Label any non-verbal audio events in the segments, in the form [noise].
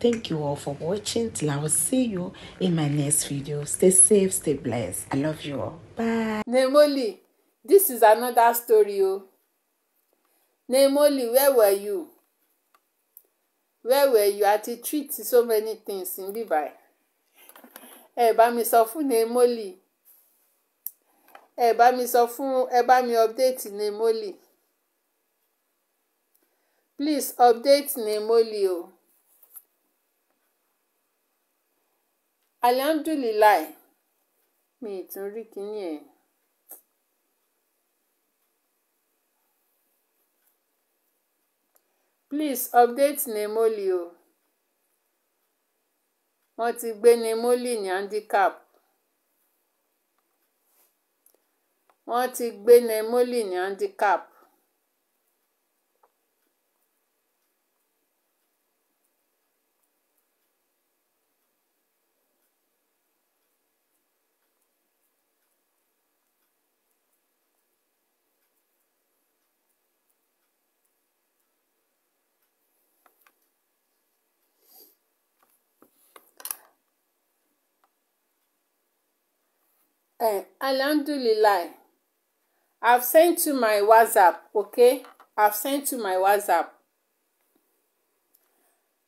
Thank you all for watching. Till I will see you in my next video. Stay safe, stay blessed. I love you all. Bye. Nemoli, this is another story. Oh. Nemoli, where were you? Where were you? I treat so many things in Bibai. Ẹ bá mi sọ fún Nemoli. Ẹ bá mi sọ fún ẹ bá mi update Nemoli. Please update Nemoli o. Oh. alihamdulilayi mi ì tún rí kinní ẹ̀. please update nemoli o wọ́n ti gbé nemoli ní handicap wọ́n ti gbé nemoli ní handicap. um eh, alhamdulilayi i sent to my whatsapp okay I've sent to my whatsapp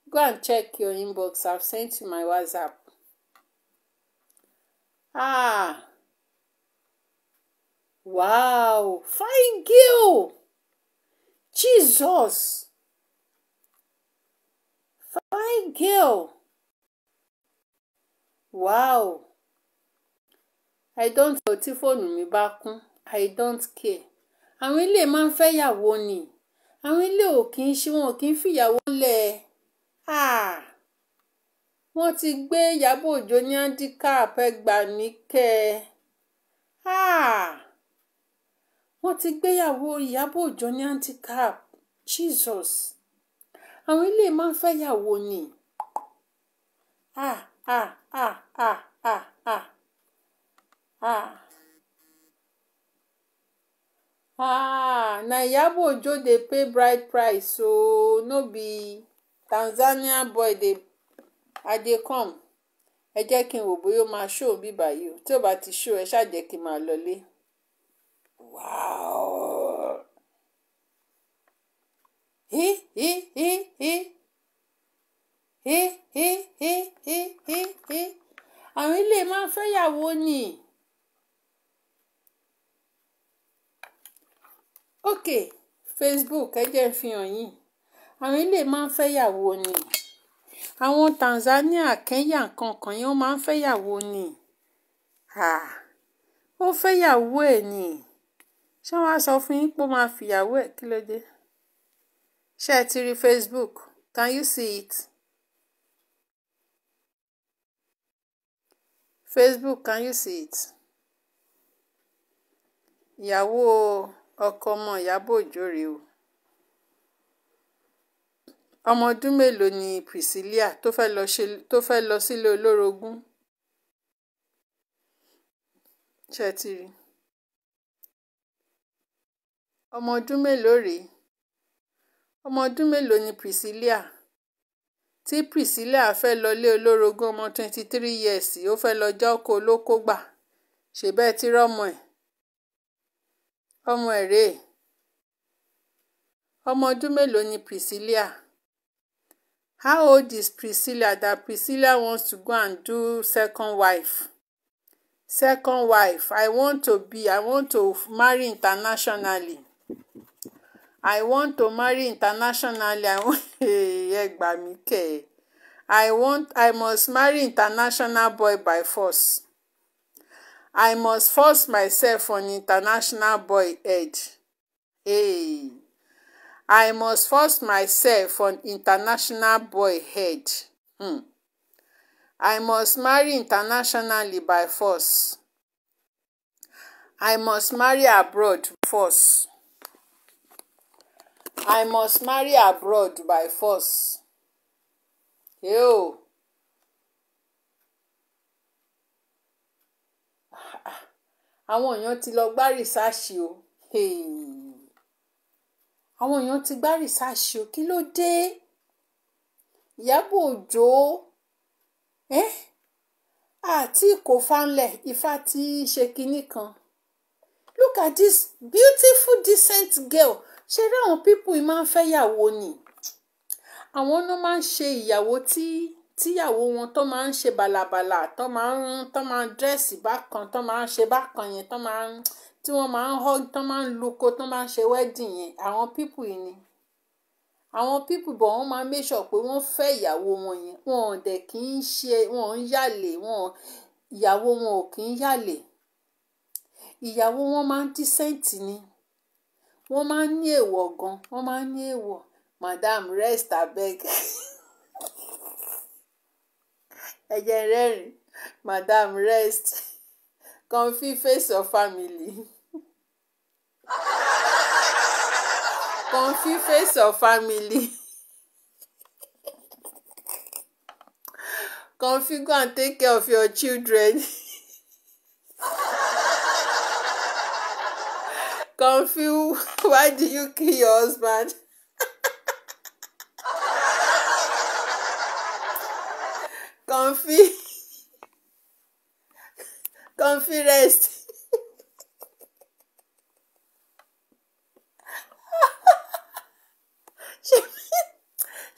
go and check your inbox I've sent to my whatsapp ah wow fine girl jesus fine girl wow. I don't care tí fóònù mi bá kún I don't care àwọn eléyìí máa ń fẹ́ yàwó ni àwọn eléyìí ò kì í ṣe wọn ò kì í fìyàwó lẹ̀ háà ah! wọ́n ti gbé Ìyábọ̀ Òjó ní handicap ẹ gbà mí kẹ́ ẹ háà ah! wọ́n ti gbéyàwó Ìyábọ̀ Òjó ní handicap Jesus àwọn eléyìí máa ń fẹ́ yàwó ni ah, ah, ah, ah, ah. ah! ah ah na yabo Ojo dey pay bride price so no be Tanzania boy I dey come ẹ jẹ́ kí n wò bóyá ó máa show níbí báyìí o tí ò bá ti show ẹ ṣáà jẹ́ kí n máa lọlé. Wow. Hi hi hi hi hi hi hi hi hi àwọn ilé máa ń fẹ́yàwó ni. ok facebook ẹ jẹ́ ń fi hàn yín àwọn ilé máa ń fẹ́yàwó ni àwọn tanzania kenya kankan yẹn wọ́n máa ń fẹ́yàwó ni ó fẹ́yàwó ẹ̀ ni ṣé wọ́n á sọ fún yín pé ó máa fìyàwó ẹ̀ kí ló dé ṣé ẹ ti rí facebook can you see it facebook can you see it ìyàwó o ọkọ ọmọ ìyàbọ̀ ọjọ́ rèé o ọmọ ọdún mélòó ni priscilla tó fẹ́ẹ́ lọ sílé olórogún ṣètìrì ọmọ ọdún mélòó rèé ọmọ ọdún mélòó ni priscilla tí priscilla fẹ́ẹ́ lọlé olórogún ọmọ twenty three years ó fẹ́ẹ́ lọ já ọkọ olókó gbà ṣe bẹ́ẹ̀ ti rọ́mọ ẹ̀ ọmọ ẹ̀ rèé ọmọ ọdún mélòó ni Priscilla? How old is Priscilla that Priscilla wants to go and do second wife? Second wife, I want to be, I want to marry internationally. I want to marry internationally. I want, [laughs] ẹ gbà mí kẹ́ I want, I must marry international boy by force. I must force myself on international boy edge. Hey. I must force myself on international boy head. Hmm. I must marry internationally by force. I must marry abroad force. I must marry abroad by force. Yo. àwọn èèyàn ti lọ gbá rìsáàṣì o àwọn èèyàn ti gbá rìsáàṣì o kí ló dé Ìyábọ̀ Òjó àti kò fanlẹ̀ Ifá ti ṣe kinní kan look at this beautiful decent girl ṣe rí àwọn pípù yìí máa ń fẹ́ yàwó ni àwọn náà máa ń ṣe ìyàwó tí. Tí tíyàwó wọn tó máa ń ṣe bàlàbàlà tó máa ń tó máa ń dírẹ́sì bákan tó máa ń ṣe bákan yẹn tó máa ń tí wọ́n máa ń họ́ tó máa ń luko tó máa ń ṣe wedding yẹn àwọn pípù yìí ni àwọn pípù bọ̀ wọ́n máa ń make sure pé wọ́n fẹ́ ìyàwó wọn yẹn wọn ò dẹ̀ kì í ṣe wọn ò ń yàlè wọn ìyàwó wọn ò kì í yàlè ìyàwó wọn máa ń decent ni wọ́n máa ń ní èèwọ̀ gan wọ́n máa ń ní èèwọ̀ madam rest abeg ẹ̀jẹ̀ rẹ́rìn madam rest comfy face your family comfy face your family comfy go and take care of your children. Comfy, why do you kill your husband? comfy [laughs] comfy rest. [laughs]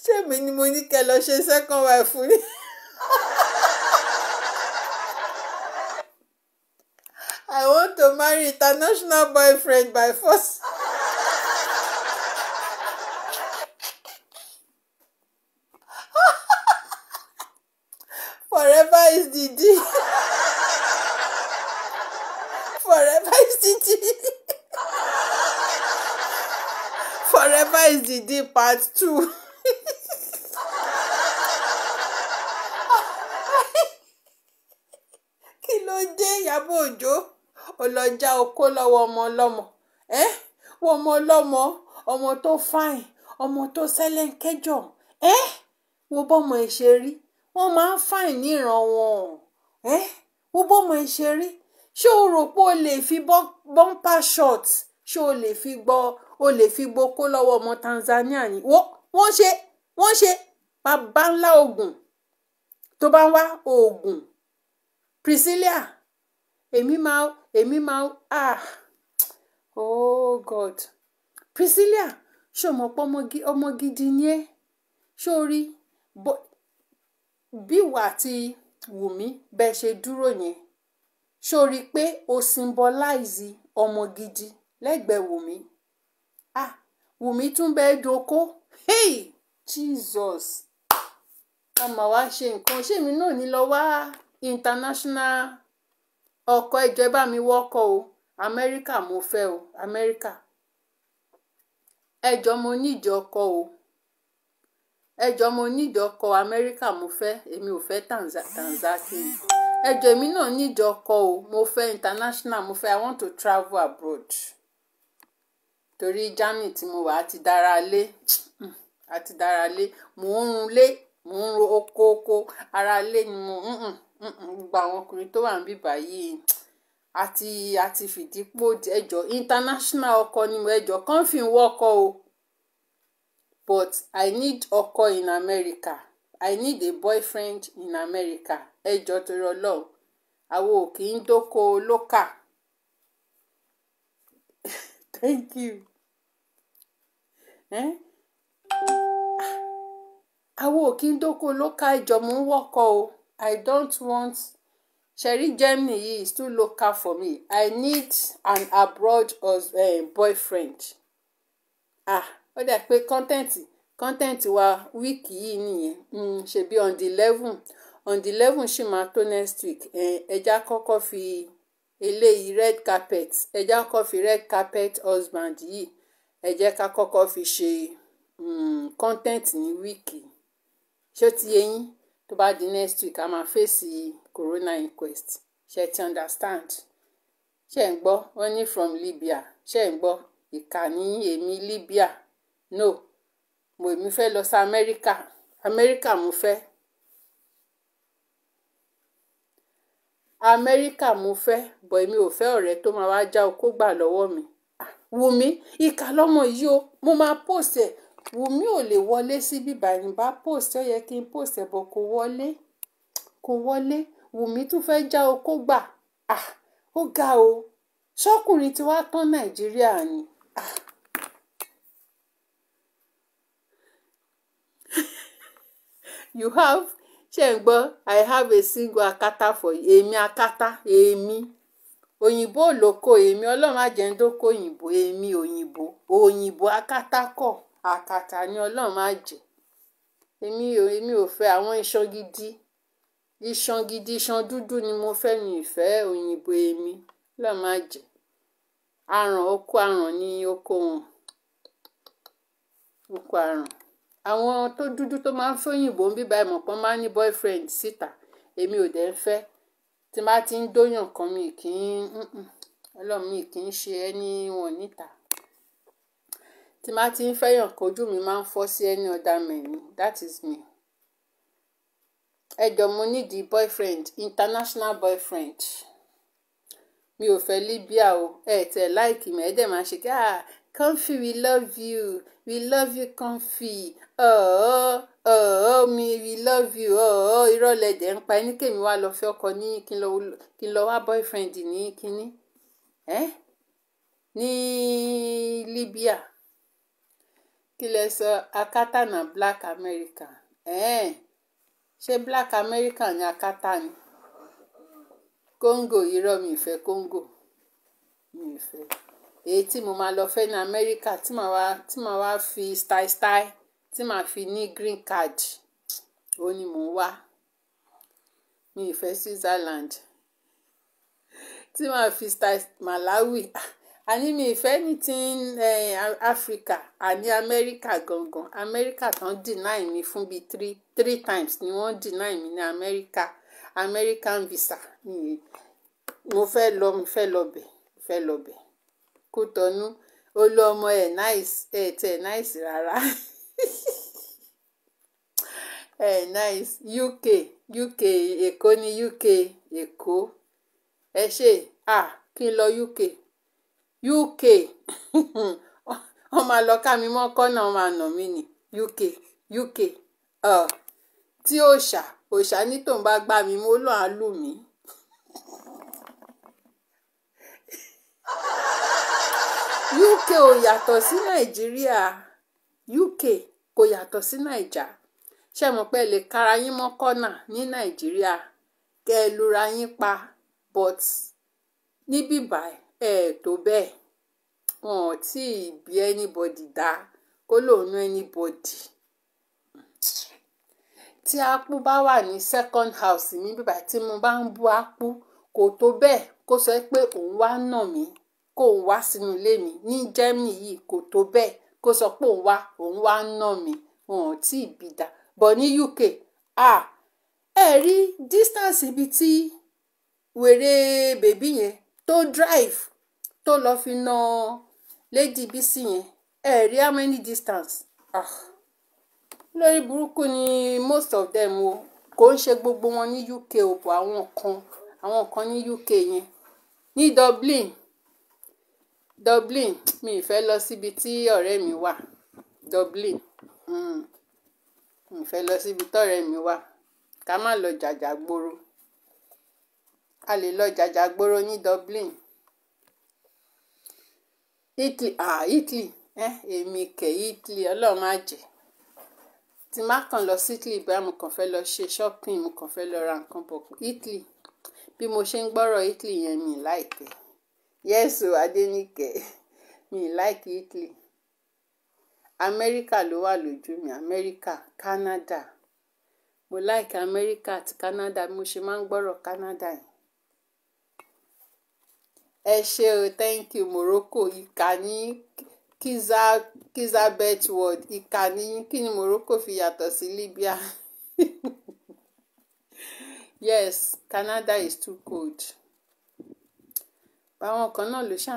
ṣèmi ni mo ní kẹ́ lọ ṣe second wife fún mi. [laughs] I want to marry international boyfriend by force. Dìde part two. kí ló dé Ìyábọ̀ Òjó ọlọ́jà okó lọ́wọ́ ọmọ ọlọ́mọ ẹ́ wọ́n ọmọ ọlọ́mọ ọmọ tó fáìn ọmọ tó sẹ́lẹ̀ńkẹ́jọ ẹ́ wo bọ́mọ ẹ̀ ṣe rí wọ́n máa ń fáìn níran wọn ẹ́ wo bọ́mọ ẹ̀ rí ṣé o rò pé o lè fi bọ́ńpà short ṣé o lè fi gbọ́ o lè fi gbọ́ kó lọ́wọ́ ọmọ Tanzania ni wọ́n ṣe wọ́n ṣe bàbá ńlá oògùn tó bá ń wá oògùn Priscilla èmi máa èmi máa ah oh God Priscilla ṣé o mọ̀ pé ọmọ gidi ni ẹ́ ṣé o rí bí ìwà àti Wùmí bẹ́ẹ̀ ṣe dúró yẹn ṣó rí i pé o symbolize ọmọ gidi lẹ́gbẹ̀ẹ́ wùmí ah wùmí tún bẹ́ẹ̀ doko hey jesus ọmọ wa ṣe nǹkan ṣé èmi náà ní lọ wá international ọkọ̀ ẹjọ́ bá mi wọ́kọ̀ o amẹ́ríkà mo fẹ́ o amẹ́ríkà ẹjọ́ mo níjọ ọkọ̀ o ẹjọ́ mo níjọ ọkọ̀ amẹ́ríkà mo fẹ́ èmi ò fẹ́ tanzania ẹjọ́ èmi náà níjọ o mo fẹ́ international mo fẹ́ i want to travel abroad. torí germany tí mo wà á ti dára lé á hmm, ti dára lé mò ń run lé mò ń ro oko oko ara lé ni mo hmm, hmm, gba àwọn ọkùnrin tó wà níbí báyìí àti àti fìdípò ẹjọ international ọkọ ni mo ẹjọ kọ́ńfìn wọ́kọ o but I need ọkọ in America I need a boyfriend in America ẹjọ torí Ọlọ́run àwọn ò kì í dóko lókà [laughs] thank you àwa ò kì í dóko lókà ìjọ mò wọ́kọ̀ o i don't want ṣẹ̀rí germany yìí is too local for me i need an abroad um, boyfriend ah ó dà pé kọ́ńtẹ́ǹtì kọ́ńtẹ́ǹtì wa wíìkì yìí nìyẹn um, hmm, ṣebí on the eleven on the eleven ṣì máa tó next week ẹja eh, kọ́kọ́ fi eléyìí red carpet ẹja kọ́kọ́ fi red carpet husband yìí ẹ jẹ́ ká kọ́kọ́ fi ṣe hmm, content ní wíìkì ṣé ti eyín tó bá di next week a máa fèsì corona inquest ṣe ti understand ṣe ń gbọ́ wọ́n ní from Libya ṣe ń gbọ́ ìkànnì èmi Libya no mo èmi fẹ́ lọ sí Amẹ́ríkà America. mo fẹ́ America mo fẹ́ bọ̀ èmi ò fẹ́ ọ̀rẹ́ tó máa wá já okó gbà lọ́wọ́ mi wùmí ìka lọ́mọ yìí o mo máa post ẹ̀ wùmí ò lè wọlé sí bíbá yìí bá post ẹ̀ yẹ kí n post ẹ̀ bọ̀ kó wọlé kó wọlé wùmí tún fẹ́ já o kó gbà ah ó ga o ṣọ́kùnrin tí wàá tán nàìjíríà ni ah. [laughs] you have ṣe ń gbọ́ i have a single akata for you èmi akata èmi. E òyìnbó olóko èmi ọlọ́run má jẹ́ ń dóko òyìnbó èmi òyìnbó òyìnbó akátákọ̀ àkàtà ni ọlọ́run má jẹ́ èmi ò èmi ò fẹ́ àwọn iṣan gidi iṣan gidi iṣan dúdú ni mo fẹ́ mi ìfẹ́ òyìnbó èmi ọlọ́run má jẹ́ aràn oko aràn ni oko wọn oko aràn àwọn tó dúdú tó máa ń fẹ́ òyìnbó ń bíbá ìmọ̀pọ́n máa ń ní boyfriend síta èmi ò dẹ̀ ń fẹ́ tí n bá ti ń dóyàn kan mi kì í Ọlọ́run mi kì í ṣe anyone níta tí n bá ti ń fẹ́yàn kan mi máa ń fọ́ sí any other man that is me ẹ jọ̀ọ́ mo nídìí boyfriend international boyfriend mi ò fẹ́ Libya o ẹ tẹ̀ láìkì mi ẹ dẹ̀ máa ṣe kí ah comfy we love you we love you comfy ọ̀ọ́ oh, ọ̀ọ́ oh, oh, mi we love you oh irọ́ oh, lẹ́dẹ̀ ń pa ẹni kèmi wá lọ fẹ́ ọkọ ní kí n lọ wá boyfriend ní kínní ẹ́ ní Libya kí lẹ sọ akátá na black America ẹ́ẹ̀ ṣé black America ni akátá ni Congo irọ́ mi ìfẹ́ Congo mi ìfẹ́ èyí tí mo máa lọ fẹ́ ní Amẹ́ríkà tí màá wá fi style style tí màá fi ní green card. ó ní mò ń wá mi ì fẹ́ Switzerland tí màá fi style Malawi àní mi ì fẹ́ eh, ní ti Africa àní America gangan America tán deny mi fún bíi three three times ni wọ́n deny mi ní America American visa nìyẹn mo fẹ́ lọ mo fẹ́ lọ bẹ̀ fẹ́ lọ bẹ̀ Kútọ́nù ó lọ ọmọ ẹ̀ náìsì ẹ̀ tẹ̀ náìsì rárá. [laughs] hey, eh, nice uk uk èkó ní uk èkó ẹ ṣe ah kí n lọ uk uk [laughs] wọ́n máa lọ ká mi mọ́ kọ́nà wọ́n máa nà mí ní uk uk uh, tí òòṣà òòṣà ní tòun bá gbá mi mo lọ́ọ́ á lù mí. uk [laughs] ò yàtọ̀ sí nàìjíríà uk kò yàtọ̀ sí nàìjà ṣe mọ̀ pé ẹ lè kára yín mọ́ kọ́nà ní nàìjíríà kẹ́ ẹ lura yín pa but níbí báyìí ẹ tó bẹ́ẹ̀ wọn ò tí ì bí anybody dá kó lóun anybody tí ápú bá wà ní second house mi bíbá tí mo bá ń bú ápú kò tó bẹ́ẹ̀ kó sọ pé òun wá nà mí kó òun wá sínú ilé mi ní Germany yìí kò tó bẹ́ẹ̀ kó sọ pé òun wá òun wá nà mí wọn ò tí ì bí dá bọ̀ ní UK ah ẹ rí distance ibi tí wèrè bèbí yẹn tó drive tó lọ́ọ́ fi na lady Bísí yẹn ẹ rí how many distance ah lórí burúkú ni most of them o kò ń ṣe gbogbo wọn ní UK o bọ̀ àwọn kan àwọn kan ní UK yẹn ní Dublin Dublin mi ì fẹ́ lọ síbi tí ọ̀rẹ́ mi wà Dublin. Mm n fẹ́ lọ síbi tọ́rẹ́ mi wà ká má lọ jàjàgboro a lè lọ jàjàgboro ní Dublin Italy ah Italy eh èmi kẹ Italy Ọlọ́run á jẹ́ tí má kàn lọ sí Italy bá mo kàn fẹ́ lọ ṣe shopping mo kàn fẹ́ lọ ra nǹkan bọ̀ Italy bí mo ṣe ń gbọ́rọ̀ Italy yẹn mi láìpẹ́ yẹ́sù Adéníkẹ́ mi láìkí Italy amẹ́ríkà ló wà lójú mi amẹ́ríkà canada mo like amẹ́ríkà àti canada mo ṣe máa ń gbọ́rọ̀ canada yẹn ẹ ṣe o thank you morocco ìkànnì kizabeth world ìkànnì kí ni morocco fi yàtọ̀ sí libya [laughs] yes canada is too cold báwọn kan náà ló ṣà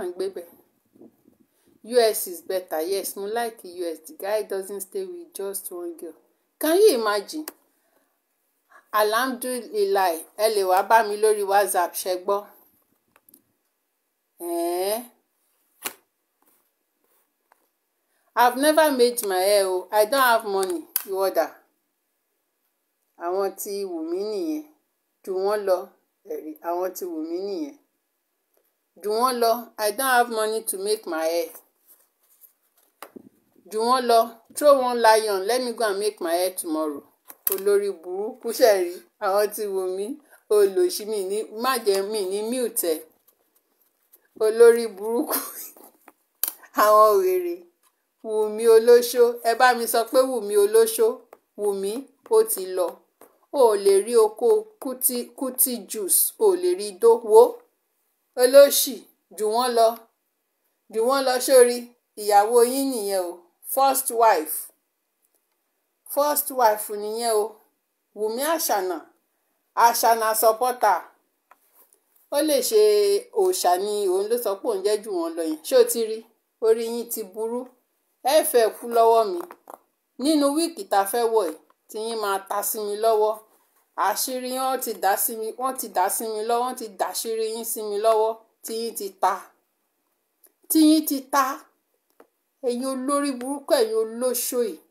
US is better yes mo like US the guy doesn't stay with just one girl can you imagine alhamdulilayi ẹ lè wá bá mi lórí WhatsApp ṣe gbọ́ eh? I've never made my hair o I don't have money you order àwọn tí wù mí nìyẹn jù wọ́n lọ ẹ̀rí àwọn tí wù mí nìyẹn jù wọ́n lọ I don't have money to make my hair jù wọ́n lọ throw one lion let me go and make my hair tomorrow olórí burúkú ṣẹ̀rí àwọn tí wò mí olòṣì mi ní má jẹ́ mi ní mute ẹ̀ olórí burúkú àwọn wèrè wùmí olóṣó ẹ bá mi sọ pé wùmí olóṣó wùmí ó ti lọ o ò lè rí oko kútí kútí juice o ò lè rí idó wo olóṣì jù wọ́n lọ jù wọ́n lọ sórí ìyàwó yín nìyẹn o first wife first wife nìyẹn o Wùmí Àṣànà Àṣànà supporter ó lè ṣe òòṣà ni òun ló sọ pé òun jẹ́ jù lọ yẹn ṣé o ti rí orí yín ti burú ẹ fẹ́ kú lọ́wọ́ mi nínú wíìkì tá a fẹ́ wọ̀ ẹ́ tí yín máa ta sí mi lọ́wọ́ àṣírí wọn ti dá sí mi wọ́n ti dá sí mi lọ́wọ́ wọ́n ti dàṣírí yín sí mi lọ́wọ́ tí yín ti ta tí yín ti ta ẹ̀yin olórí burúkú ẹ̀yin olóṣó yìí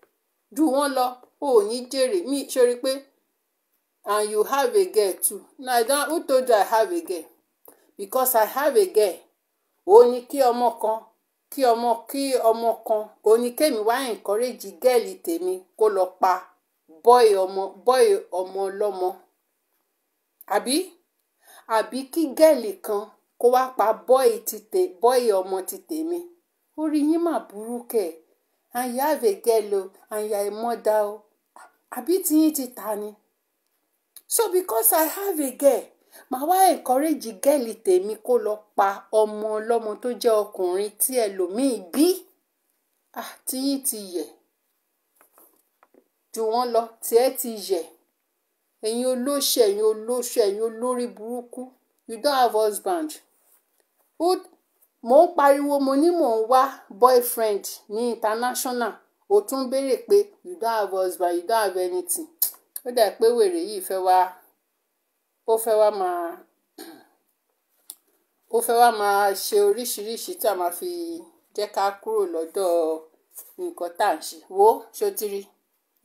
jù wọ́n lọ o ò ní jèrè mí sori pé and you have a girl too na i don who told you i have a girl because i have a girl ó ní kí ọmọ kan kí ọmọ kí ọmọ kan ó ní kémi wá encourage gẹ́ẹ̀lì tèmi kó lọ pa bọ́ì ọmọ bọ́ì ọmọ ọlọ́mọ àbí àbí kí gẹ́ẹ̀lì kan kó wá pa bọ́ì ti tè bọ́ì ọmọ ti tèmi orí yín mà burú kẹ̀ and you have a girl o and you are a mother o àbí tiyín ti ta ni so because I have a girl màá wá encourage gẹ́ẹ̀lì tèmi kó lọ pa ọmọ ọlọ́mọ tó jẹ́ ọkùnrin tí ẹlòmíì bí ah, tiyín ti yẹ̀ jù wọ́n lọ tiẹ̀ ti yẹ̀ ẹ̀yin olóṣù ẹ̀yin olóṣù ẹ̀yin olórí burúkú you don't have husband who Mo ń pariwo mo ní mò ń wá boyfriend ní international ó tún béèrè pé you don't have husband you don't have anything ó dà pé wèrè yìí fẹ́ wá ó fẹ́ wá máa ó fẹ́ wá máa ṣe oríṣiríṣi tí a máa fi jẹ́ ká kúrò lọ́dọ̀ nǹkan tá à ń ṣe wo sotiri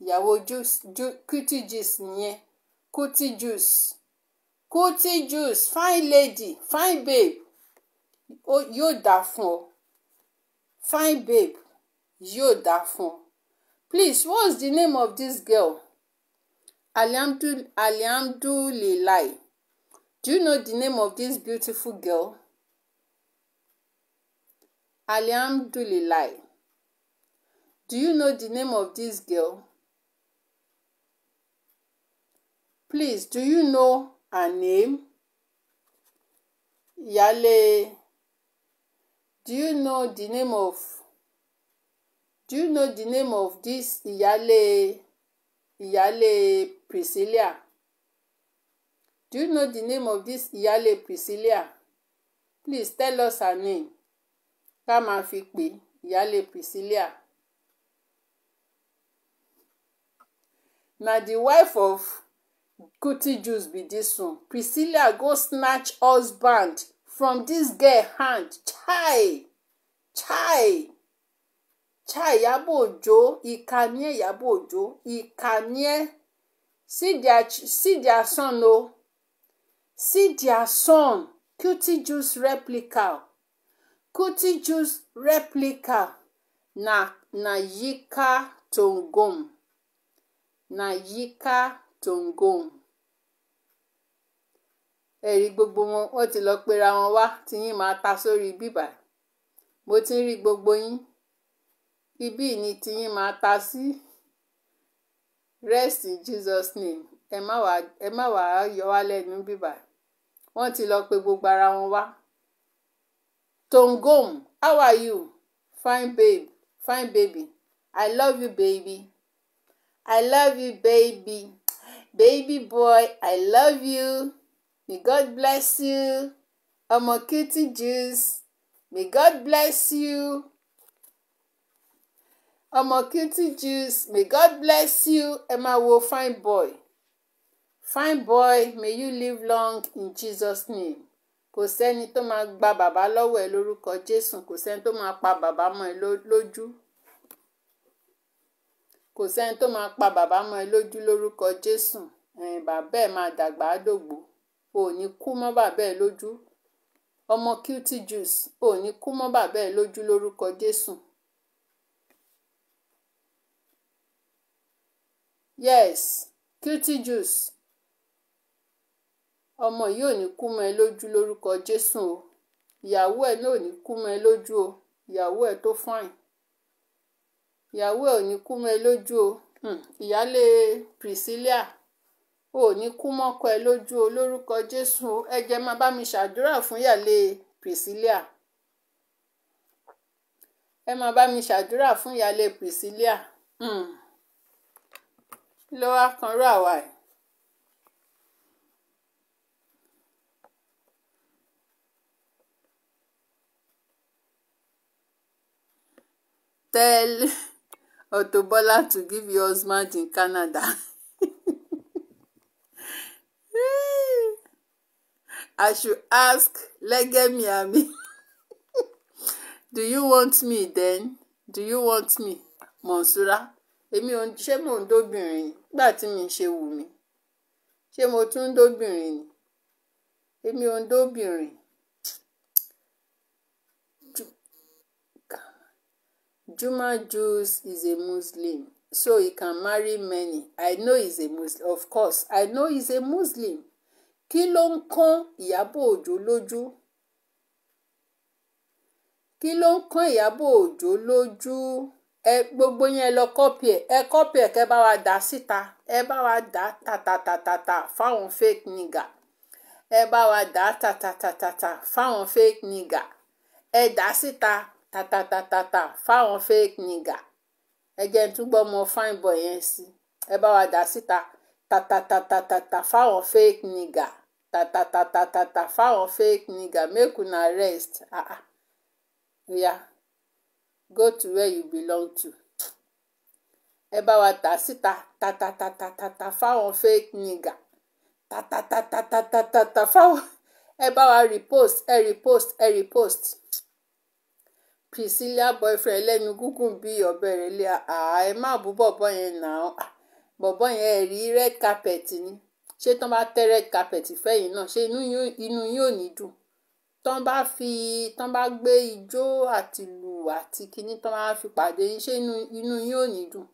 ìyàwó cutie juice nìyẹn cutie juice cutie juice fine lady fine babe yóò dáa fún ọ fine babe yóò dáa fún ọ please what's the name of this girl alhamdul alhamdulilayi do you know the name of this beautiful girl alhamdulilayi do you know the name of this girl please do you know her name ìyáálé. Do you know the name of Do you know the name of this ìyáálé ìyáálé Priscilla? Do you know the name of this ìyáálé Priscilla? Please tell us her name. Ká máa fi pè ìyáálé Priscilla. Na the wife of Kuti Jews be this one. Priscilla go snatch husband from this girl hand chai chai chai Iyabo Ojo ikanie Iyabo Ojo ikanie see their see son o see their son Kuti oh. Juice replica Kuti Juice replica na na Yika Tongom na Yika Tongom. ẹ̀rí gbogbo wọn wọ́n ti lọ́ọ́ pera wọn wá tí yín máa ta sórí bíbà mo ti ń rí gbogbo yín ibí ni tí yín máa ta sí rest in Jesus name ẹ má wàá ẹ má wàá yọ wá lẹ́nu bíbà wọ́n ti lọ́ọ́ pe gbogbo ara wọn wá tongom how are you fine babe fine baby i love you baby i love you baby baby boy i love you. May God bless you. Omokiti Jews. May God bless you. Omokiti Jews. May God bless you. Emma wo fine boy. Fine boy, may you live long in Jesus' name. Kò sẹ́ni tó máa gba bàbá lọ́wọ́ ẹ lórúkọ Jésù. Kò sẹ́ni tó máa pa bàbá mọ́ ẹ lójú. Kò sẹ́ni tó máa pa bàbá mọ́ ẹ lójú lórúkọ Jésù. Bàbá ẹ̀ máa dàgbà á dògbò ò ní kú mọ́ bàbá ẹ lójú ọmọ cutie juice ò ní kú mọ́ bàbá ẹ lójú lórúkọ Jésù. yes cutie juice ọmọ yìí ò ní kú mọ́ ẹ lójú lórúkọ Jésù o ìyàwó ẹ náà ò kú mọ́ ẹ lójú o ìyàwó ẹ tó fine ìyàwó ẹ ò ní kú mọ́ ẹ lójú o hmm, ìyáálé Priscilla ò kú mọ́kọ ẹ lójú o jésù o máa bá mi ṣàdúrà fún ìyáálé Priscilla ẹ máa bá mi ṣàdúrà fún ìyáálé Priscilla hmm. ló wá àwa ẹ̀. Tell Otobola [laughs] to give you husband in Canada. [laughs] I should ask Legemi Ami. [laughs] Do you want me then? Do you want me? Monsura? Èmi ò ṣé mò ń dóbìnrin ni nígbà tí mi ṣe wù mí. Ṣé mo tún ń dóbìnrin ni? Èmi ò ń dóbìnrin. Juma Juice is a Muslim so he can marry many i know he's a muslim of course i know he's a muslim kí ló ń kán ìyábọ̀ òjó lójú kí ló ń kán ìyábọ̀ òjó lójú ẹ gbogbo yẹn lọ kọ́pì ẹ ẹ kọ́pì ẹ kẹ́ bá wa dà síta ẹ bá wa dà tàtàtàtàtà fáwọn fake nigger ẹ bá wa dà tàtàtàtàtà fáwọn fake nigger ẹ dà síta tàtàtàtàtà fáwọn fake nigger ẹ jẹ́ ń túbọ̀ mọ fine boy yẹn sí ẹ bá wa dà síta tàtàtàtàtà fáwọn fake nigga tàtàtàtàtà fáwọn fake nigga make una rest ah ah yeah. go to where you belong to ẹ bá wa dà síta tàtàtàtàtà fáwọn fake nigga tàtàtàtàtà fáwọn ẹ bá wa repost ẹ repost ẹ repost. priscilla boyfriend lẹ́nu gúngùn bíi ọ̀bẹ relé ẹ má bú bọ̀bọ̀ yẹn nà án bọ̀bọ̀ yẹn rí red carpet ni ṣé tán bá tẹ́ red carpet fẹ́yìn náà ṣé inú yín ní dùn tán bá fi tán bá gbé ijó àti lù àti kinní tán bá fi pàdé yín ṣé inú yín ní dùn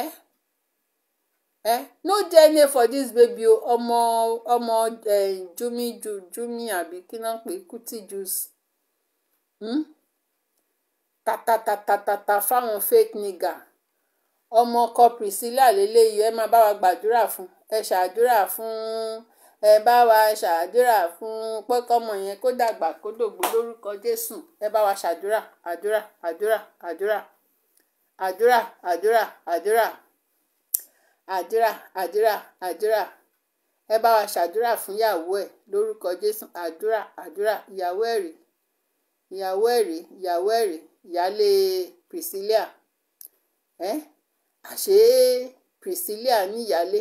ẹ ẹ no dna for this baby o ọmọ ọmọ eh, jumi ju jumi àbí kí náà pé Kuti juice. Hmm? kàtàkàtàkàtà fáwọn fake nígà ọmọ ọkọ Priscilla lélẹ́yìí ẹ máa bá wa gbàdúrà fún ẹ ṣàdúrà fún ẹ bá wa ṣàdúrà fún pẹ́kọ́mọ yẹn kó dàgbà kó dògbò lórúkọ Jésù ẹ bá wa ṣàdúrà àdúrà àdúrà àdúrà àdúrà àdúrà àdúrà àdúrà àdúrà àdúrà ẹ bá wa ṣàdúrà fún ìyàwó ẹ lórúkọ Jésù àdúrà àdúrà ìyàwó ẹ rèé ìyàwó ẹ rèé ìyàwó ẹ rèé ìyáálé Priscilla um àṣé Priscilla níyàálé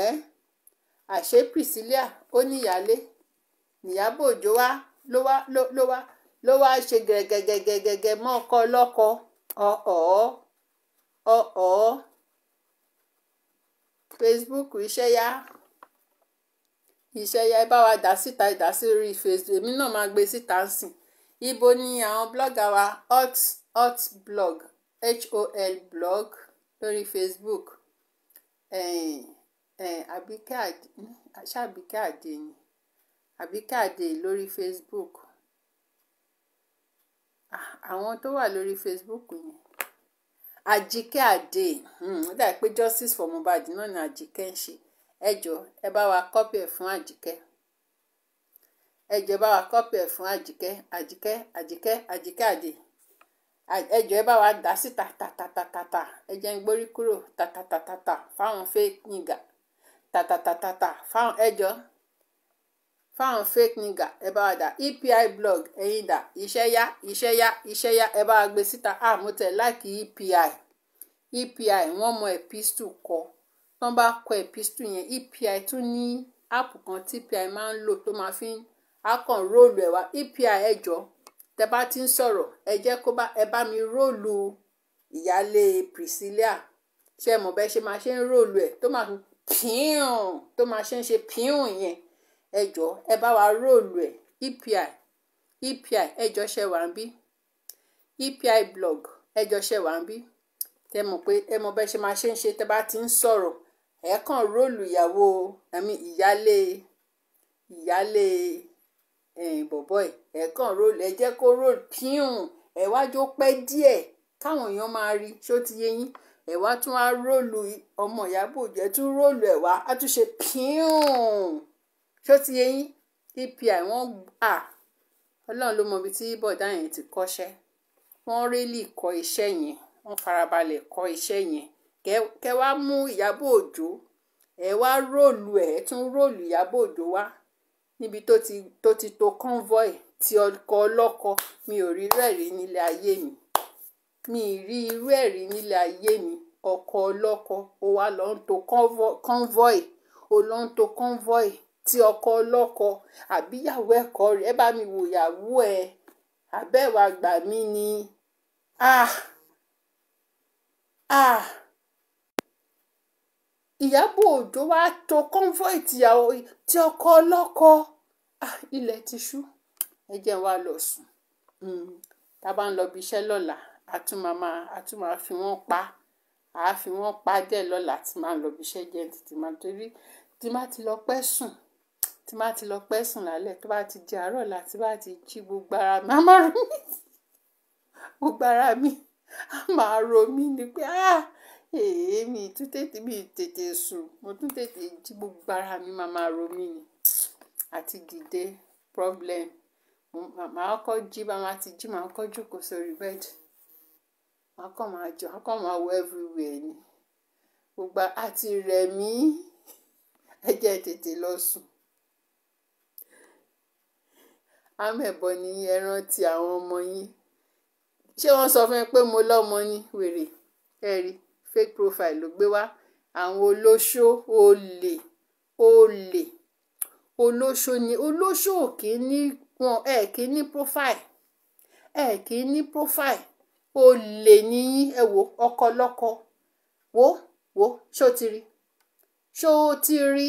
um àṣé Priscilla ó níyàálé Ìyábọ̀ Òjó wá ló wá ló wá ló wá ṣe ọkọ Facebook yá yá ẹ bá wa dá síta ibo ni àwọn blọ́gà wa hot hot blog hol blog lórí facebook àbíkẹ́ àdè ni àbíkẹ́ àdè lórí facebook ah, àwọn tó wà lórí facebook yẹn àjíkẹ́ àdè hmm, ó dà pé justice for Mohbad náà ni àjíkẹ́ ń ṣe ẹ jọ̀ọ́ ẹ bá wa kọ́pì ẹ̀ fún àjíkẹ́ ẹjọ bá wa kọ́pì ẹ̀ fún àjíkẹ́ àjíkẹ́ àjíkẹ́ àjíkẹ́ àjè ẹjọ ẹ bá wa dá sí tàtàtàtàtà ẹjẹ ń gborí kúrò tàtàtàtàtà fáwọn fake nigga tàtàtàtàtà fáwọn ẹjọ fáwọn fake nigga ẹ bá wa dá EPI blog ẹ̀yin dá iṣẹ́ yá iṣẹ́ yá iṣẹ́ yá ẹ bá wa gbé síta àmútẹ̀ láìkí EPI EPI wọ́n mọ epistu kọ tán bá kọ epistu yẹn EPI tún ní áàpù kan tí EPI máa ń lò tó máa fi ń á kàn róòlù ẹ̀ wá epi ẹjọ́ tẹ bá ti ń sọ̀rọ̀ ẹ jẹ́ kó bá ẹ bá mi róòlù ìyáálé Priscilla ṣe mọ̀ bẹ́ẹ̀ ṣe máa ṣe ń róòlù ẹ̀ tó máa píùn tó máa ṣe ń ṣe píùn yẹn ẹjọ́ ẹ bá wa róòlù ẹ̀ epi epi ẹjọ́ ṣe wà ń bí epi blog ẹjọ́ ṣe wà ń bí tẹ mọ̀ pé ẹ mọ̀ bẹ́ẹ̀ ṣe máa ṣe ń ṣe tẹ bá ti ń sọ̀rọ̀ ẹ kàn róòlù ìyàwó ẹ̀mí ìyáálé ìyáálé bọ̀bọ̀ ẹ̀ ẹ̀ kàn róòlù ẹ jẹ́ kó róòlù píùn ẹ̀ pẹ́ díẹ̀ káwọn èèyàn máa rí ṣó ti yé yín ẹ̀ tún á róòlù ọmọ Ìyábọ̀ Òjó tún róòlù ẹ̀ á tún ṣe píùn ṣó ti yé yín epi wọ́n à ọlọ́run ló mọ ibi tí bọ̀dá yẹn ti kọ́ṣẹ́ wọ́n rélì kọ́ iṣẹ́ yẹn wọ́n farabalẹ̀ kọ́ iṣẹ́ yẹn kẹ́ wá mú Ìyábọ̀ Òjó ẹ̀ wá róòlù ẹ̀ tún róòlù Ìyábọ̀ Òjó wá níbi tó ti tó ti to convoy ti ọkọ̀ ọlọ́kọ̀ mi ò rí irú ẹ̀ rí nílé ayé mi mi ì rí irú ẹ̀ rí nílé ayé mi ọkọ̀ ọlọ́kọ̀ ó wá lọ ń to convoy ó lọ ń to convoy ti ọkọ̀ ọlọ́kọ̀ àbíyàwó ẹ̀kọ́ rẹ̀ ẹ bá mi wò yàwó ẹ̀ abẹ́wàá gbà mí ni ah ah. Ìyábọ̀ Òjó wá to convoy tìyàwó tí ọkọ ọlọ́kọ ah, ilẹ̀ ti ṣú ẹ jẹ́ wá lọ sùn hmm, tá a bá ń lọ bí iṣẹ́ lọ́la a tún máa máa a tún máa fi wọ́n pa a fi wọ́n pa díẹ̀ lọ́la tí máa ń lọ bí iṣẹ́ jẹ́ títí máa torí tí máa ti lọ pẹ́ sùn tí máa ti lọ pẹ́ sùn lálẹ́ tó bá ti di àárọ̀ ọ̀la tí bá ti jí gbogbo ara mi á máa [laughs] gbogbo ara mi á máa ro ni pé áà. Ah, èémí tún tètè mi tètè sùn mo tún tètè jí gbogbo ara mi máa máa ro mí ni àti dìde problem màá kọ́ jí bá máa ti jí màá kọ́ jókòó sórí bẹ́ẹ̀dì màá kọ́ máa jọ màá kọ́ máa wọ everywhere ni gbogbo àti rẹ̀ mí ẹ jẹ́ tètè lọ sùn amẹ̀bọ ni ẹ rántí àwọn ọmọ yín ṣé wọ́n sọ fún ẹ pé mo lọ́mọ ní wèrè ẹ rí fake profile ló gbé wá àwọn olóṣó olè olè olóṣó ni olóṣó kì í ní wọn ẹ kì ní profile ẹ kì ní profile olè níyín ẹ wò ọkọ lọkọ wo wò ṣó ti rí ṣó ti rí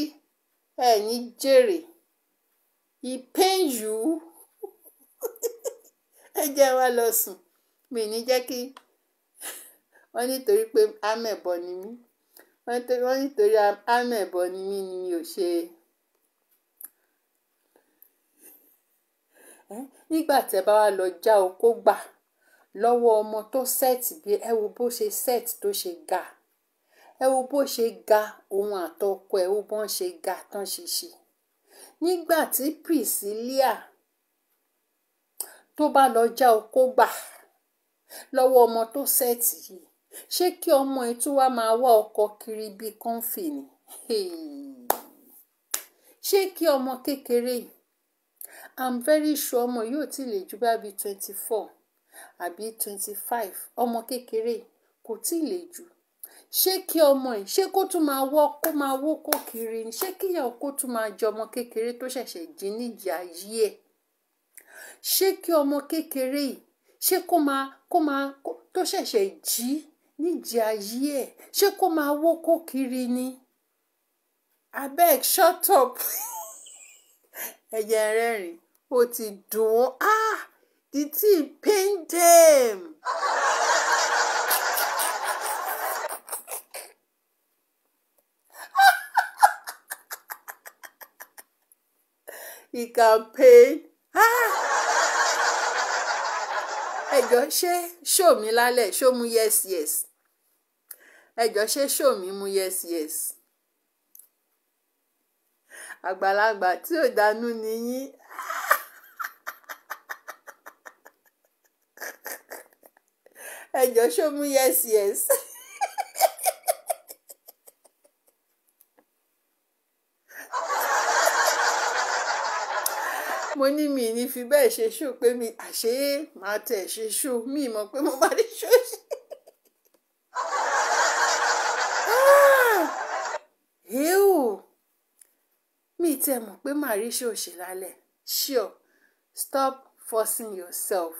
ẹ ní jèrè he pain you [laughs] ẹ jẹ́ wá lọ sùn mi ní jẹ́ kí wọ́n nítorí pé amẹ̀bọ ni mí wọ́n nítorí amẹ̀bọ ni mí ni mi ò ṣe. nígbà tẹ́ bá wá lọ já okó gbà lọ́wọ́ ọmọ tó set bí ẹ wo bó ṣe set tó ṣe ga ẹ wo bó ṣe ga òun àtọkọ ẹ wo bọ́n ṣe ga tán ṣe ṣe nígbà tí Priscilla tó bá lọ já okó gbà lọ́wọ́ ọmọ tó sẹ́ẹ̀tì yìí ṣé kí ọmọ ẹ tún wá máa wá ọkọ kiri bíi kọ́ńfì ni ṣé kí ọmọ kékeré yìí i'm very sure ọmọ yóò ti lè ju bá bíi twenty four àbí twenty five ọmọ kékeré kò tí ì lè jù ṣé kí ọmọ ẹ ṣé kó tún máa wọ kó máa wó kó kiri ni ṣé kíyàwó kó tún máa jẹ ọmọ kékeré tó ṣẹ̀ṣẹ̀ jí níjà yí ẹ̀ ṣé kí ọmọ kékeré yìí ṣé kó máa kó máa tó ṣẹ̀ṣẹ̀ jí níjì ayé ẹ̀ ṣé kó máa wó kó kiri ni abeg shut up [laughs] ẹ̀jẹ̀ rẹ́rìn ó ti dùn ah the thing pain dem. He [laughs] can pain. Ah! ẹ̀jọ̀ ṣé ṣó mi lálẹ́ ṣó mu yes yes ẹ jọ ṣe show mi mú yes yes àgbàlagbà tí ò dánú ni yín [laughs] ẹ jọ show mú yes yes. [laughs] mo ní mi ní fi bẹ́ẹ̀ ṣe ṣó pé mi àṣé máa tẹ̀ ṣe ṣó mi mọ̀ pé mo bá rí ṣó ṣe. tẹ́ mọ̀ pé màá rí ṣòṣì lálẹ́ sure stop forcing yourself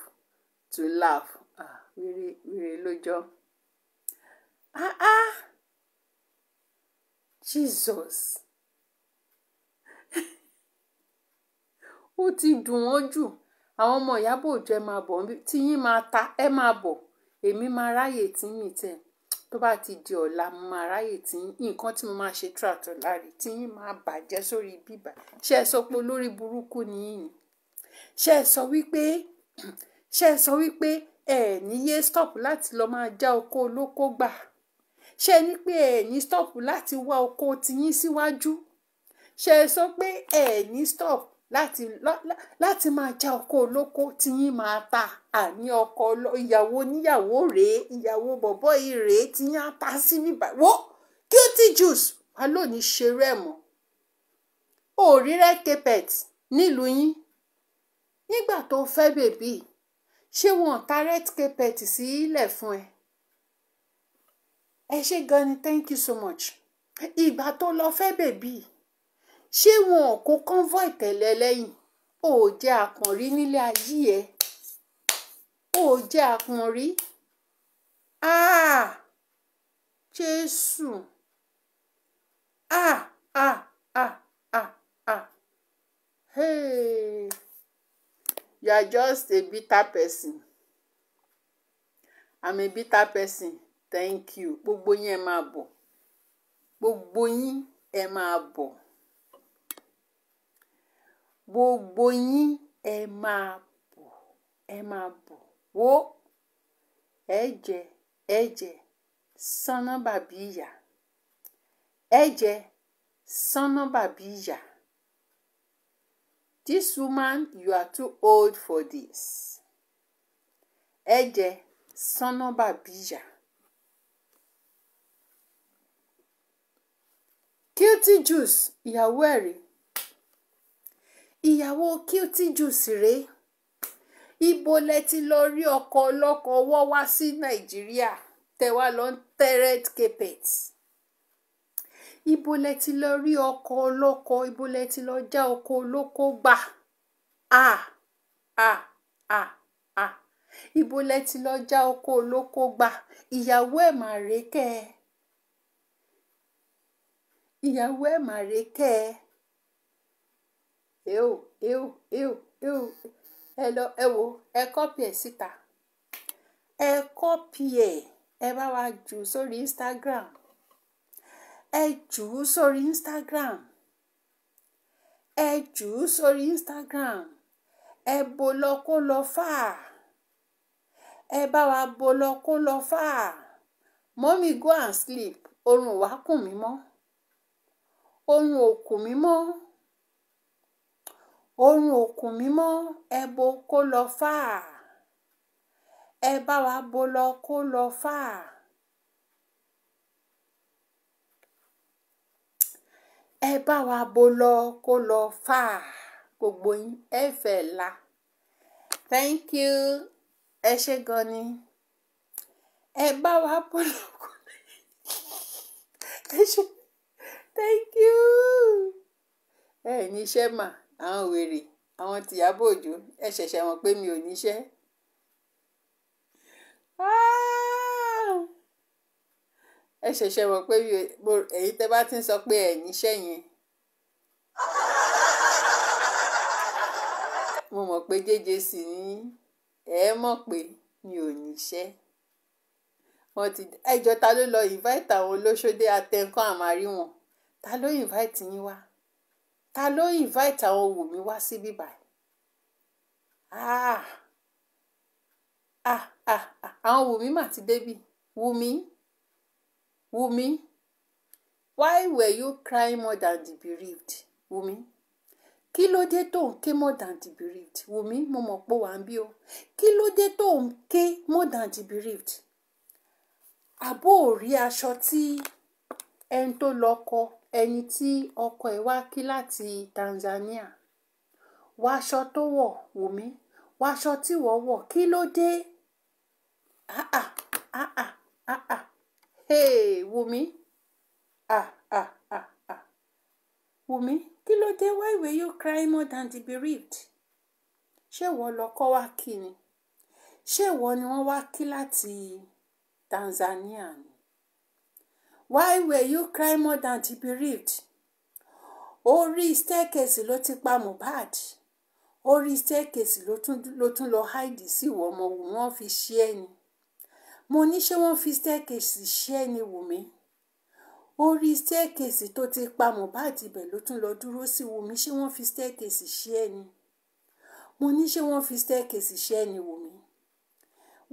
to laugh wíre wíre lójọ́ ah ah Jesus ó ti dùn wọ́n jù àwọn ọmọ Ìyábọ̀ Òjó ẹ máa bọ̀ tí yín máa ta ẹ máa bọ̀ èmi máa ráyè tí mi tẹ̀ tó bá ti di ọ̀la mo máa ráyè tí nǹkan tí mo máa ṣe tíratọ̀ láre tí yín máa bàjẹ́ sórí bíbà ṣe é sọ pé olórí burúkú ni yín ṣe é sọ wípé ṣe é sọ wípé ẹ ní yé stop láti lọ máa já oko olóko gbà ṣe ní pé ẹ ní stop láti wá oko tiyín síwájú ṣe é sọ pé ẹ ní stop láti láti máa já ọkọ olóko tí yín máa ta àní ọkọ ìyàwó oníyàwó rèé ìyàwó bọ̀bọ́ yìí rèé tí yín á ta sí níbà wó guilty juice wà lónìí ṣe rẹ̀ mọ́ òrí rẹ̀ capet nílùú yín nígbà tó fẹ́ bèbí ṣé wọn ta red capet sílẹ̀ fún ẹ ẹ ṣé gan ni thank you so much ìgbà tó lọ fẹ́ bèbí ṣé wọn ò kó convoy tẹ̀lé lẹ́yìn ò jẹ́ àpọ̀nrí nílé ayé ẹ̀ ò jẹ́ àpọ̀nrí ah jésù ah ah ah ah ah hey you are just a bitter person i'm a bitter person thank you gbogbo yín ẹ máa bọ̀ gbogbo yín ẹ máa bọ̀ gbogbo yín ẹ máa bọ̀ ẹ máa bọ̀ wó ẹ̀jẹ̀ ẹ̀jẹ̀ sánná bàbí ìyá ẹ̀jẹ̀ sánná bàbí ìyá this woman you are too old for this ẹ̀jẹ̀ sánná bàbí ìyá. Guilty Jews ìyàwó ẹ̀ ìyàwó Guilty Juice rèé ibo lẹ ti lọ rí ọkọ ọlọ́kọ ọwọ́ wá sí nàìjíríà tẹwa lọ ń tẹ́rẹ́t capet ibo lẹ ti lọ rí ọkọ ọlọ́kọ ibo lẹ ti lọ já ọkọ olóko gbà a a a a ibo lẹ ti lọ já ọkọ olóko gbà ìyàwó ẹ̀ mà rèé kẹ́ ìyàwó ẹ̀ mà rèé kẹ́ eu eu eu eu ẹ lo ẹ wo ẹ kọ́pì ẹ̀ síta ẹ kọ́pì Instagram ẹ jù ú Instagram ẹ jù ú Instagram ẹ lọ kó lọ fà lọ go and sleep orun wàá kùn mí mọ́ oorun orun òkun mímọ́ ẹ bo kó lọ fáà ẹ bá wa bo lọ kó lọ fáà. ẹ bá wa bo lọ kó lọ fáà gbogbo yín la thank you ẹ ṣe gan ẹ bá wa bo lọ kó lọ ẹ ṣe thank you ẹ ní ṣe máa àwọn wèrè àwọn tìyàbọ̀ òjò ẹ ṣẹ̀ṣẹ̀ mọ̀ pé mi ò níṣẹ́. ẹ ṣẹ̀ṣẹ̀ mọ̀ pé mi ò èyí tẹ́ bá ti ń sọ pé ẹ̀ níṣẹ́ yẹn. mo mọ̀ pé jẹ́jẹ́ sì ni ẹ mọ̀ pé mi ò níṣẹ́ wọn ti ẹjọ́ ta ló lọ invite àwọn olóṣòdé atẹnkán àmárí wọn ta ló invite yín wá ta ló invite àwọn Wùmí wá sí bíbá yìí ah, ah ah ah àwọn Wùmí mà ti débí Wùmí Wùmí why were you crying more than the bereaved Wùmí kí ló dé tó ń ké more than the bereaved Wùmí mo mọ̀ pé wà ń bí o kí ló dé tó ń ké more than the bereaved àbó ò rí aṣọ tí ẹni tó lọ kọ ẹni tí ọkọ ẹ̀ wá kí láti Tanzania wọ aṣọ tó wọ̀ Wùmí wọ aṣọ tí wọ́n wọ̀ kí ló dé àà àà àà hey Wùmí Ah ah àà ah, ah. Wùmí kí ló dé why were you crying more than the bereaved ṣé ìwọ lọkọ wá kí ni ṣé ìwọ ni wọ́n wá kí láti Tanzania ni why were you crying more than the bereaved? orí staircase ló ti pa Mohbad orí staircase ló tún ló lọ hide sí ìwọ ọmọ wù wọ́n fi ṣe é mo ní ṣé wọ́n fi staircase ṣe é ni wù mí orí staircase tó ti pa Mohbad ibẹ̀ ló tún lọ dúró sí wù mí ṣé wọ́n fi staircase ṣe é ni mo ní ṣé wọ́n fi staircase ṣe é wù mí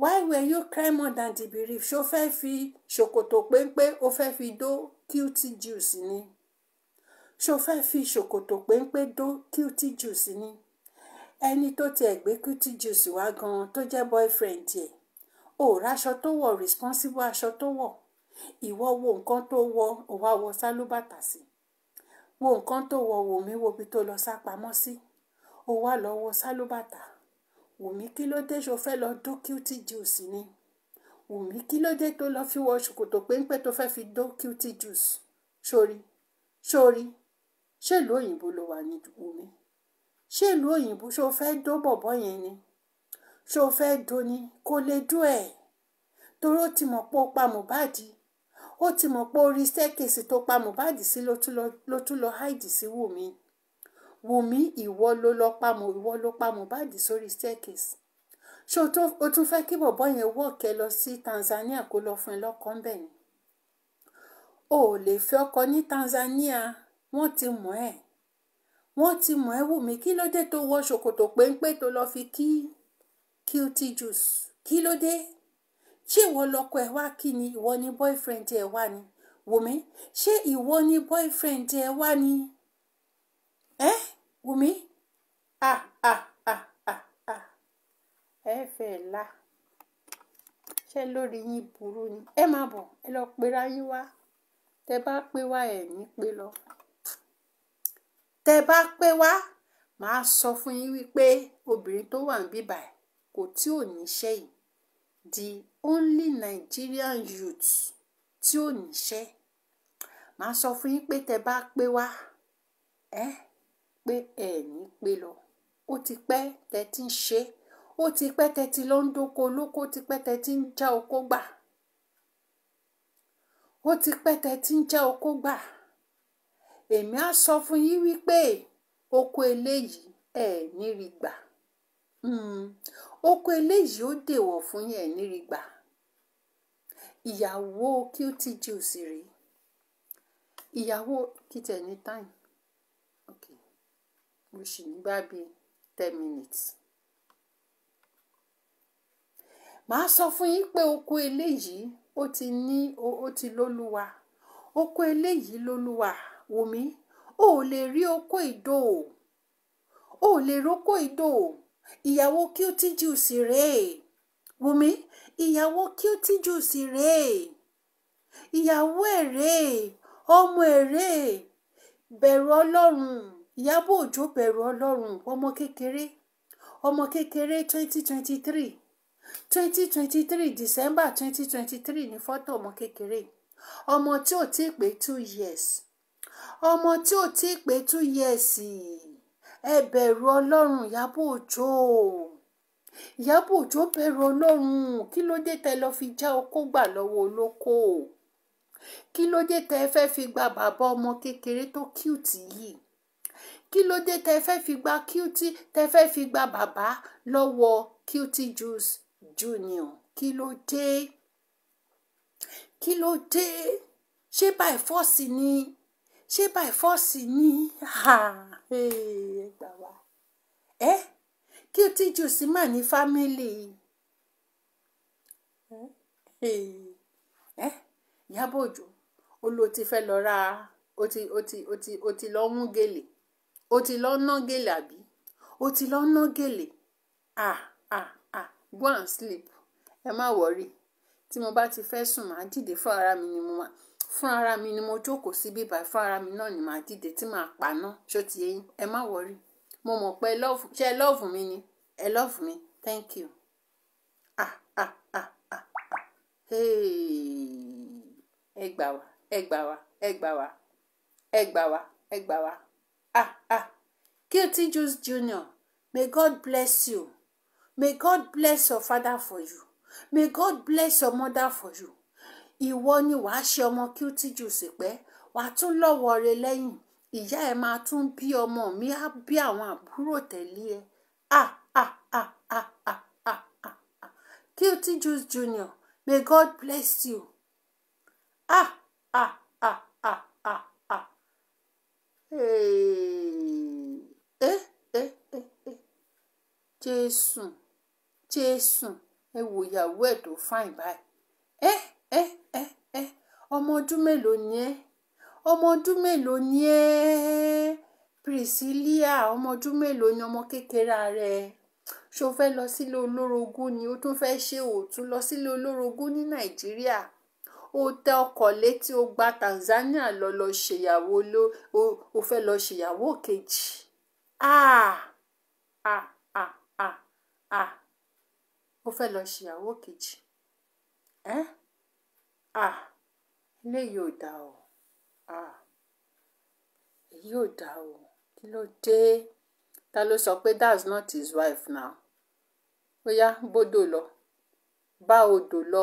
why were you crying more than the bereaved ṣó fẹ́ fi ṣòkòtò péńpé ó fẹ́ fi dó guilty juice ni ṣó fẹ́ fi ṣòkòtò péńpé dó guilty juice ni ẹni tó tiẹ̀ gbé guilty juice wá gan-an tó jẹ́ boyfriend tiẹ̀ ò ráṣọ tó wọ̀ responsible aṣọ tó wọ̀ ìwọ wo nǹkan tó wọ ò wá wọ sálúbàtà sí wo nǹkan tó wọ wò mí wo ibi tó lọ sá pamọ́ sí ò lọ wọ sálúbàtà wùmí kí ló dé ṣo fẹ́ lọ dó cute juice ni wùmí kí ló dé tó lọ fi wọ ṣòkòtò péńpẹ́ tó fẹ́ fi dó cute juice sórí sórí ṣèlú òyìnbó ló wà ní wùmí ṣèlú òyìnbó ṣo fẹ́ dó bọ̀bọ́ yẹn ni ṣo fẹ́ dó ni kò lè dó ẹ̀ toró ti mọ̀ pé ó pa Mohbad ó ti mọ̀ pé orí staircase tó pa Mohbad sí ló tún lọ háìdì sí wùmí. Si wùmí ìwọ ló lọ pa mọ́ ìwọ ló pa Mohbad sórí staircase ṣé o tún fẹ́ kí bọ̀bọ́ yẹn wọ̀kẹ́ lọ sí Tanzania kó lọ fún ẹ lọ́kọ́ ńbẹ̀ ni o ò lè fẹ́ ọkọ ní Tanzania wọ́n ti mọ̀ ẹ́ wọ́n ti mọ̀ ẹ́ wùmí kí ló dé tó wọ ṣòkòtò péńpé tó lọ fi kí QT Juice kí ló dé ṣé ìwọ lọkọ ẹ wá kí ni ìwọ ni boyfriend ẹ wá ni wùmí ṣé ìwọ ni boyfriend ẹ wá ni ẹ́ Wùmí ah ah ah ah à ẹ fẹ́ la ṣé lórí yín burú ni ẹ má bọ̀ ẹ lọ pera yín wá tẹ bá pé wá ẹ ní pé lọ tẹ bá pé wá màá sọ fún yín wípé obìnrin tó wà níbí báyìí kò tí ò níṣẹ́ yìí the only Nigerian youth tí ò níṣẹ́ màá sọ fún yín pé tẹ bá pé wá Eh? pé ẹ ní gbé lọ ó ti pẹ́ tẹ́ ti ń ṣe ó ti pẹ́ tẹ́ ti lọ ń dóko olóko ó ti pẹ́ tẹ́ ti ń já oko gbà ó ti pẹ́ tẹ́ ti ń já oko gbà èmi á sọ fún yín wípé oko eléyìí ẹ nírí gbà hmm, oko eléyìí ó dèwọ̀ fún yín ẹ nírí gbà ìyàwó kí ó ti jù sí rí ìyàwó kìtẹ̀ ní táyì We should ń ten minutes. màá sọ fún yín pé oko eléyìí ó ti ní ó ti lólúwa oko eléyìí lólúwa wòmí o ò lè rí oko ìdó o ò lè roko ìdó ìyàwó kí ó tíjú sí rèé wòmí ìyàwó kí ó tíjú sí rèé ìyàwó èrè ọmọ èrè bẹ̀rù ọlọ́run ìyábọ̀ òjó bẹ̀rù ọlọ́run ọmọ kékeré ọmọ kékeré twenty twenty three twenty twenty three december twenty twenty three ni fọ́tò ọmọ kékeré ọmọ tí ò tí pé two years ọmọ tí ò tí pé two years ẹ bẹ̀rù ọlọ́run ìyábọ̀ òjó ìyábọ̀ òjó bẹ̀rù ọlọ́run kí ló dé tẹ lọ fi já okó gbà lọ́wọ́ olóko kí ló dé tẹ fẹ́ fi gba bàbá ọmọ kékeré tó cute yìí kí ló dé tẹ fẹ́ fi gba Qty tẹ fẹ́ fi gba bàbá lọ́wọ́ Qty Juice Junior kí ló dé kí ló dé ṣé báyìí fọ́ọ̀sì ni ṣé báyìí fọ́ọ̀sì ni ẹ gbà wá ẹ Qty Juice mà ní fámìlì ẹ Ìyábọ̀ Òjó ó lo ti fẹ́ lọ ra ó ti ó ti ó ti ó ti lọ́ mú gèlè ó ti lọ ná gèlè àbí ó ti lọ ná gèlè ah ah ah go and sleep ẹ má wọrí tí mo bá ti fẹ́ sùn màá dìde fún ara mi ni mo máa fún ara mi ni mo jókòó sí bíbá fún ara mi náà ni màá dìde tí màá paná ṣó ti yẹn ẹ má wọrí mo mọ̀ pé ṣé ẹ lọ́ọ̀fù mi ni ẹ lọ́ọ̀fù mi thank you ah ah ah ah hey ẹ gbà wá ẹ gbà wá ẹ gbà wá ẹ gbà wá ẹ gbà wá ah ah Guilty Juice Junior may God bless you may God bless your father for you may God bless your mother for you ìwọ ni wàá ṣe ọmọ Guilty Juice pẹ́ wàá tún lọ́wọ́ rẹ lẹ́yìn ìyá ẹ máa tún bí ọmọ mi á bí àwọn àbúrò tẹ̀lé ẹ ah ah ah ah ah ah ah ah Guilty Juice Junior may God bless you ah ah ah ah ah. ee eh, ee eh, eh, ẹ wò ìyàwó ẹ ẹ ẹ ẹ ọmọ ọdún mélòó ni ẹ ọmọ ọdún mélòó ni ẹ Priscilla ọmọ ọdún mélòó ni ọmọ kékeré rẹ ni ó hotel kọ́lé tí ó gba Tanzania lọ lọ ṣèyàwó ló ó fẹ lọ ṣèyàwó kejì ah ah ah ah ah ó fẹ lọ ṣèyàwó kejì ẹ ah eléyìí ò dáa o ah èyí ò dáa o kí ló dé ta ló sọ pé that's not his wife now ó yá bódò lọ bá odò lọ